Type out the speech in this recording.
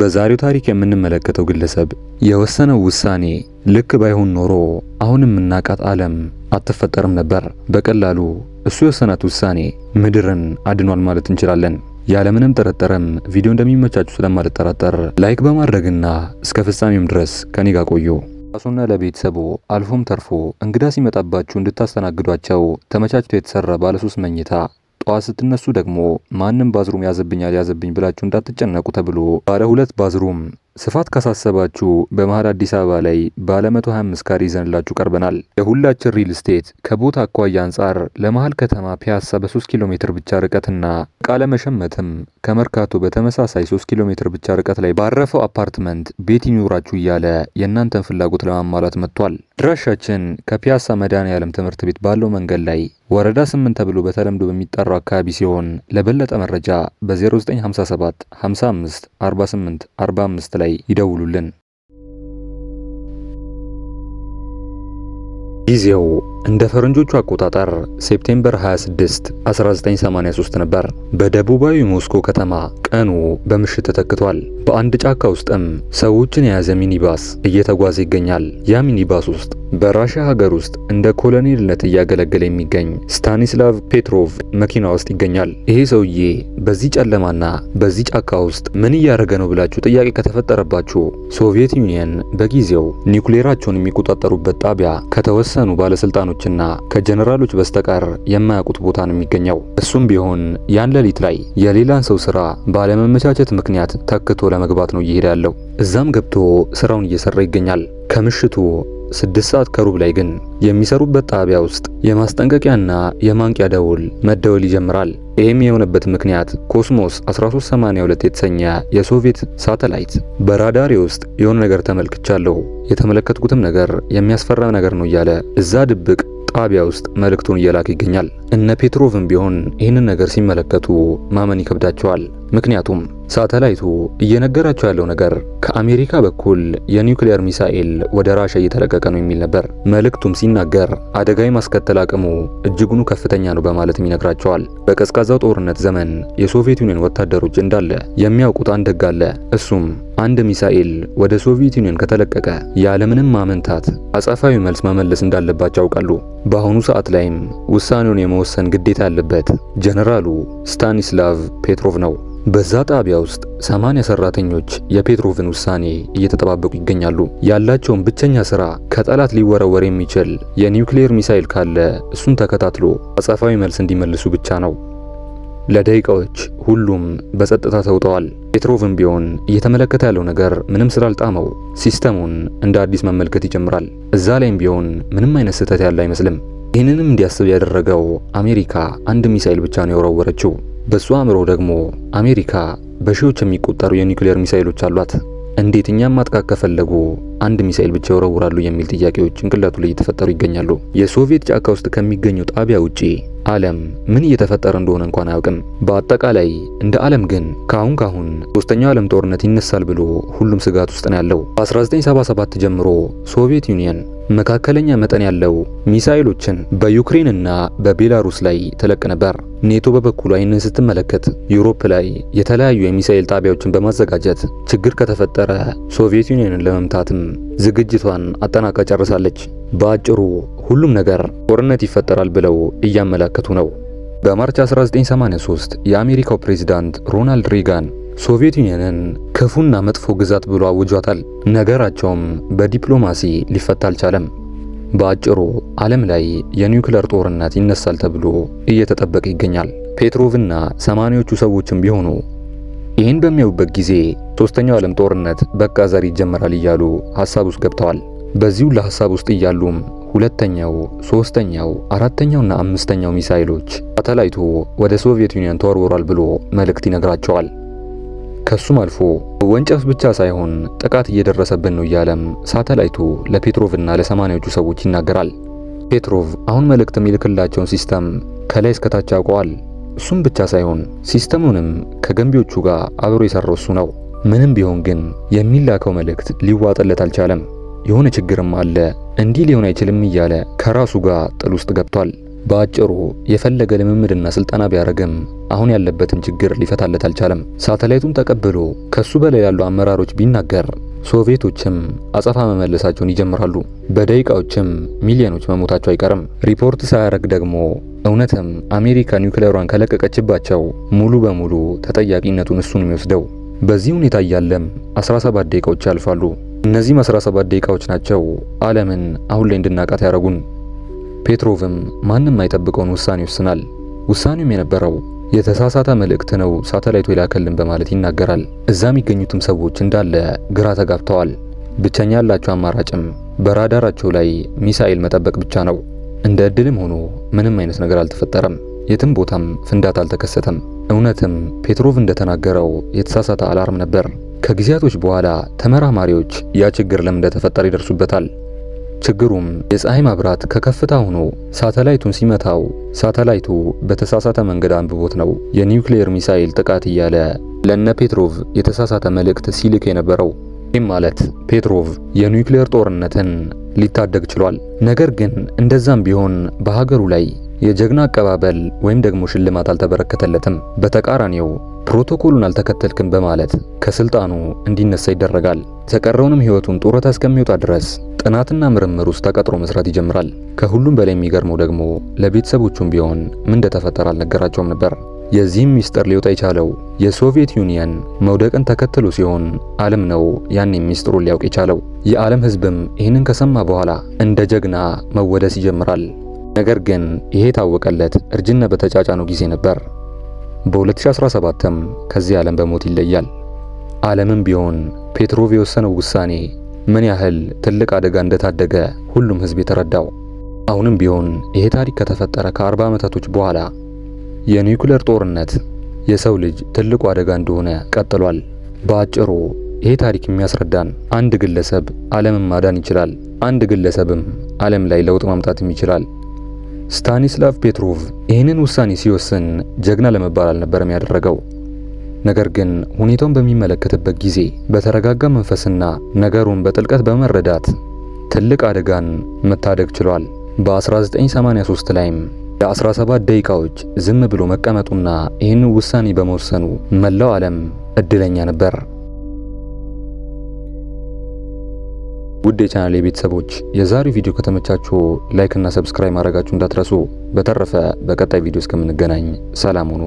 በዛሬው ታሪክ የምንመለከተው ግለሰብ የወሰነው ውሳኔ ልክ ባይሆን ኖሮ አሁን የምናውቃት ዓለም አትፈጠርም ነበር። በቀላሉ እሱ የወሰናት ውሳኔ ምድርን አድኗል ማለት እንችላለን። ያለምንም ጥርጥርም ቪዲዮ እንደሚመቻችሁ ስለማልጠራጠር ላይክ በማድረግና እስከ ፍጻሜም ድረስ ከኔ ጋር ቆዩ። ራሱና ለቤተሰቡ አልፎም ተርፎ እንግዳ ሲመጣባችሁ እንድታስተናግዷቸው ተመቻችቶ የተሰራ ባለሶስት መኝታ ጠዋት ስትነሱ ደግሞ ማንም ባዝሩም ያዘብኛል ያዘብኝ ብላችሁ እንዳትጨነቁ ተብሎ ባለ ሁለት ባዝሩም ስፋት ካሳሰባችሁ በመሀል አዲስ አበባ ላይ ባለ 125 ካሬ ይዘንላችሁ ቀርበናል። የሁላችን ሪል ስቴት ከቦታ አኳያ አንጻር ለመሀል ከተማ ፒያሳ በ3 ኪሎ ሜትር ብቻ ርቀትና ቃለ መሸመትም ከመርካቶ በተመሳሳይ 3 ኪሎ ሜትር ብቻ ርቀት ላይ ባረፈው አፓርትመንት ቤት ይኑራችሁ እያለ የእናንተን ፍላጎት ለማሟላት መጥቷል። ድራሻችን ከፒያሳ መድኃኔ ዓለም ትምህርት ቤት ባለው መንገድ ላይ ወረዳ 8 ተብሎ በተለምዶ በሚጠራው አካባቢ ሲሆን ለበለጠ መረጃ በ0957 55 48 45 ላይ ይደውሉልን። ጊዜው እንደ ፈረንጆቹ አቆጣጠር ሴፕቴምበር 26 1983 ነበር። በደቡባዊ ሞስኮ ከተማ ቀኑ በምሽት ተተክቷል። በአንድ ጫካ ውስጥም ሰዎችን የያዘ ሚኒባስ እየተጓዘ ይገኛል። ያ ሚኒባስ ውስጥ በራሽያ ሀገር ውስጥ እንደ ኮሎኔልነት እያገለገለ የሚገኝ ስታኒስላቭ ፔትሮቭ መኪና ውስጥ ይገኛል። ይሄ ሰውዬ በዚህ ጨለማና በዚህ ጫካ ውስጥ ምን እያደረገ ነው ብላችሁ ጥያቄ ከተፈጠረባችሁ ሶቪየት ዩኒየን በጊዜው ኒውክሌራቸውን የሚቆጣጠሩበት ጣቢያ ከተወሰኑ ባለስልጣኖች አምባገነኖችና ከጀነራሎች በስተቀር የማያውቁት ቦታ ነው የሚገኘው። እሱም ቢሆን ያን ሌሊት ላይ የሌላን ሰው ስራ ባለመመቻቸት ምክንያት ተክቶ ለመግባት ነው እየሄደ ያለው። እዛም ገብቶ ስራውን እየሰራ ይገኛል። ከምሽቱ ስድስት ሰዓት ከሩብ ላይ ግን የሚሰሩበት ጣቢያ ውስጥ የማስጠንቀቂያና የማንቂያ ደውል መደወል ይጀምራል። ይህም የሆነበት ምክንያት ኮስሞስ 1382 የተሰኘ የሶቪየት ሳተላይት በራዳሪ ውስጥ የሆነ ነገር ተመልክቻለሁ፣ የተመለከትኩትም ነገር የሚያስፈራ ነገር ነው እያለ እዛ ድብቅ ጣቢያ ውስጥ መልእክቱን እየላክ ይገኛል። እነ ፔትሮቭም ቢሆን ይህንን ነገር ሲመለከቱ ማመን ይከብዳቸዋል። ምክንያቱም ሳተላይቱ እየነገራቸው ያለው ነገር ከአሜሪካ በኩል የኒውክሌር ሚሳኤል ወደ ራሻ እየተለቀቀ ነው የሚል ነበር። መልእክቱም ሲናገር አደጋ የማስከተል አቅሙ እጅጉኑ ከፍተኛ ነው በማለትም ይነግራቸዋል። በቀዝቃዛው ጦርነት ዘመን የሶቪየት ዩኒየን ወታደሮች እንዳለ የሚያውቁት አንድ ሕግ አለ። እሱም አንድ ሚሳኤል ወደ ሶቪየት ዩኒየን ከተለቀቀ ያለምንም ማመንታት አጸፋዊ መልስ መመለስ እንዳለባቸው ያውቃሉ። በአሁኑ ሰዓት ላይም ውሳኔውን የመ የመወሰን ግዴታ አለበት። ጀነራሉ ስታኒስላቭ ፔትሮቭ ነው። በዛ ጣቢያ ውስጥ ሰማንያ ሰራተኞች የፔትሮቭን ውሳኔ እየተጠባበቁ ይገኛሉ። ያላቸውን ብቸኛ ስራ ከጠላት ሊወረወር የሚችል የኒውክሌር ሚሳይል ካለ እሱን ተከታትሎ አጸፋዊ መልስ እንዲመልሱ ብቻ ነው። ለደቂቃዎች ሁሉም በጸጥታ ተውጠዋል። ፔትሮቭም ቢሆን እየተመለከተ ያለው ነገር ምንም ስላልጣመው ሲስተሙን እንደ አዲስ መመልከት ይጀምራል። እዛ ላይም ቢሆን ምንም አይነት ስህተት ያለ አይመስልም። ይህንንም እንዲያስብ ያደረገው አሜሪካ አንድ ሚሳኤል ብቻ ነው የወረወረችው። በእሱ አእምሮ ደግሞ አሜሪካ በሺዎች የሚቆጠሩ የኒውክሌር ሚሳኤሎች አሏት። እንዴት እኛም ማጥቃት ከፈለጉ አንድ ሚሳኤል ብቻ ይወረውራሉ የሚል ጥያቄዎች ጭንቅላቱ ላይ እየተፈጠሩ ይገኛሉ። የሶቪየት ጫካ ውስጥ ከሚገኘው ጣቢያ ውጪ ዓለም ምን እየተፈጠረ እንደሆነ እንኳን አያውቅም። በአጠቃላይ እንደ ዓለም ግን ካሁን ካሁን ሶስተኛው ዓለም ጦርነት ይነሳል ብሎ ሁሉም ስጋት ውስጥ ነው ያለው። በ1977 ጀምሮ ሶቪየት ዩኒየን መካከለኛ መጠን ያለው ሚሳኤሎችን በዩክሬንና በቤላሩስ ላይ ትለቅ ነበር። ኔቶ በበኩሉ ይህንን ስትመለከት ዩሮፕ ላይ የተለያዩ የሚሳኤል ጣቢያዎችን በማዘጋጀት ችግር ከተፈጠረ ሶቪየት ዩኒየንን ለመምታትም ዝግጅቷን አጠናቃ ጨርሳለች። በአጭሩ ሁሉም ነገር ጦርነት ይፈጠራል ብለው እያመላከቱ ነው። በማርች 1983 የአሜሪካው ፕሬዝዳንት ሮናልድ ሬጋን ሶቪየት ዩኒየንን ክፉና መጥፎ ግዛት ብሎ አውጇታል። ነገራቸውም በዲፕሎማሲ ሊፈታ አልቻለም። በአጭሩ ዓለም ላይ የኒውክለር ጦርነት ይነሳል ተብሎ እየተጠበቀ ይገኛል። ፔትሮቭና ሰማኒዎቹ ሰዎችም ቢሆኑ ይህን በሚያዩበት ጊዜ ሶስተኛው ዓለም ጦርነት በቃ ዛሬ ይጀመራል እያሉ ሐሳብ ውስጥ ገብተዋል። በዚሁ ለሐሳብ ውስጥ እያሉም ሁለተኛው፣ ሶስተኛው፣ አራተኛውና አምስተኛው ሚሳኤሎች ሳተላይቱ ወደ ሶቪየት ዩኒየን ተወርውሯል ብሎ መልእክት ይነግራቸዋል። ከሱም አልፎ ወንጨፍ ብቻ ሳይሆን ጥቃት እየደረሰብን ነው እያለም ሳተላይቱ ለፔትሮቭና ለሰማኒያዎቹ ሰዎች ይናገራል። ፔትሮቭ አሁን መልእክት የሚልክላቸውን ሲስተም ከላይ እስከታች አውቀዋል። እሱም ብቻ ሳይሆን ሲስተሙንም ከገንቢዎቹ ጋር አብሮ የሰራው እሱ ነው። ምንም ቢሆን ግን የሚላከው መልእክት ሊዋጥለት አልቻለም። የሆነ ችግርም አለ፣ እንዲህ ሊሆን አይችልም እያለ ከራሱ ጋር ጥል ውስጥ ገብቷል። በአጭሩ የፈለገ ልምምድና ስልጠና ቢያደርግም አሁን ያለበትን ችግር ሊፈታለት አልቻለም። ሳተላይቱን ተቀብሎ ከሱ በላይ ያሉ አመራሮች ቢናገር ሶቪየቶችም አጸፋ መመለሳቸውን ይጀምራሉ። በደቂቃዎችም ሚሊዮኖች መሞታቸው አይቀርም። ሪፖርት ሳያደርግ ደግሞ እውነትም አሜሪካ ኒውክሌሯን ከለቀቀችባቸው ሙሉ በሙሉ ተጠያቂነቱን እሱን የሚወስደው። በዚህ ሁኔታ እያለም 17 ደቂቃዎች ያልፋሉ። እነዚህም 17 ደቂቃዎች ናቸው ዓለምን አሁን ላይ እንድናቃት ያደረጉን። ፔትሮቭም ማንም አይጠብቀውን ውሳኔ ይወስናል። ውሳኔውም የነበረው የተሳሳተ መልእክት ነው ሳተላይቱ የላከልን በማለት ይናገራል። እዛም የሚገኙትም ሰዎች እንዳለ ግራ ተጋብተዋል። ብቸኛ ያላቸው አማራጭም በራዳራቸው ላይ ሚሳኤል መጠበቅ ብቻ ነው። እንደ እድልም ሆኖ ምንም አይነት ነገር አልተፈጠረም። የትም ቦታም ፍንዳታ አልተከሰተም። እውነትም ፔትሮቭ እንደተናገረው የተሳሳተ አላርም ነበር። ከጊዜያቶች በኋላ ተመራማሪዎች ያ ችግር ለምን እንደተፈጠረ ይደርሱበታል። ችግሩም የፀሐይ መብራት ከከፍታ ሆኖ ሳተላይቱን ሲመታው ሳተላይቱ በተሳሳተ መንገድ አንብቦት ነው የኒውክሌር ሚሳኤል ጥቃት እያለ ለነ ፔትሮቭ የተሳሳተ መልእክት ሲልክ የነበረው። ይህም ማለት ፔትሮቭ የኒውክሌር ጦርነትን ሊታደግ ችሏል። ነገር ግን እንደዛም ቢሆን በሀገሩ ላይ የጀግና አቀባበል ወይም ደግሞ ሽልማት አልተበረከተለትም። በተቃራኒው ፕሮቶኮሉን አልተከተልክም በማለት ከስልጣኑ እንዲነሳ ይደረጋል። የተቀረውንም ህይወቱን ጡረታ እስከሚወጣ ድረስ ጥናትና ምርምር ውስጥ ተቀጥሮ መስራት ይጀምራል። ከሁሉም በላይ የሚገርመው ደግሞ ለቤተሰቦቹም ቢሆን ምን እንደተፈጠረ አልነገራቸውም ነበር። የዚህም ሚስጥር ሊወጣ የቻለው የሶቪየት ዩኒየን መውደቅን ተከትሎ ሲሆን ዓለም ነው ያኔም ሚስጥሩን ሊያውቅ የቻለው። የዓለም ህዝብም ይህንን ከሰማ በኋላ እንደ ጀግና መወደስ ይጀምራል። ነገር ግን ይሄ ታወቀለት እርጅና በተጫጫነው ጊዜ ነበር። በ2017ም ከዚህ ዓለም በሞት ይለያል። ዓለምም ቢሆን ፔትሮቭ የወሰነው ውሳኔ ምን ያህል ትልቅ አደጋ እንደታደገ ሁሉም ሕዝብ የተረዳው። አሁንም ቢሆን ይሄ ታሪክ ከተፈጠረ ከ40 ዓመታቶች በኋላ የኒውክሌር ጦርነት የሰው ልጅ ትልቁ አደጋ እንደሆነ ቀጥሏል። በአጭሩ ይሄ ታሪክ የሚያስረዳን አንድ ግለሰብ ዓለምን ማዳን ይችላል። አንድ ግለሰብም ዓለም ላይ ለውጥ ማምጣትም ይችላል። ስታኒስላቭ ፔትሮቭ ይህንን ውሳኔ ሲወስን ጀግና ለመባል አልነበረም ያደረገው። ነገር ግን ሁኔታውን በሚመለከትበት ጊዜ በተረጋጋ መንፈስና ነገሩን በጥልቀት በመረዳት ትልቅ አደጋን መታደግ ችሏል። በ1983 ላይም ለ17 ደቂቃዎች ዝም ብሎ መቀመጡና ይህንን ውሳኔ በመወሰኑ መላው ዓለም እድለኛ ነበር። ውድ የቻናል ቤተሰቦች የዛሬው ቪዲዮ ከተመቻችሁ ላይክ እና ሰብስክራይብ ማድረጋችሁ እንዳትረሱ። በተረፈ በቀጣይ ቪዲዮ እስከምንገናኝ ሰላም ሁኑ።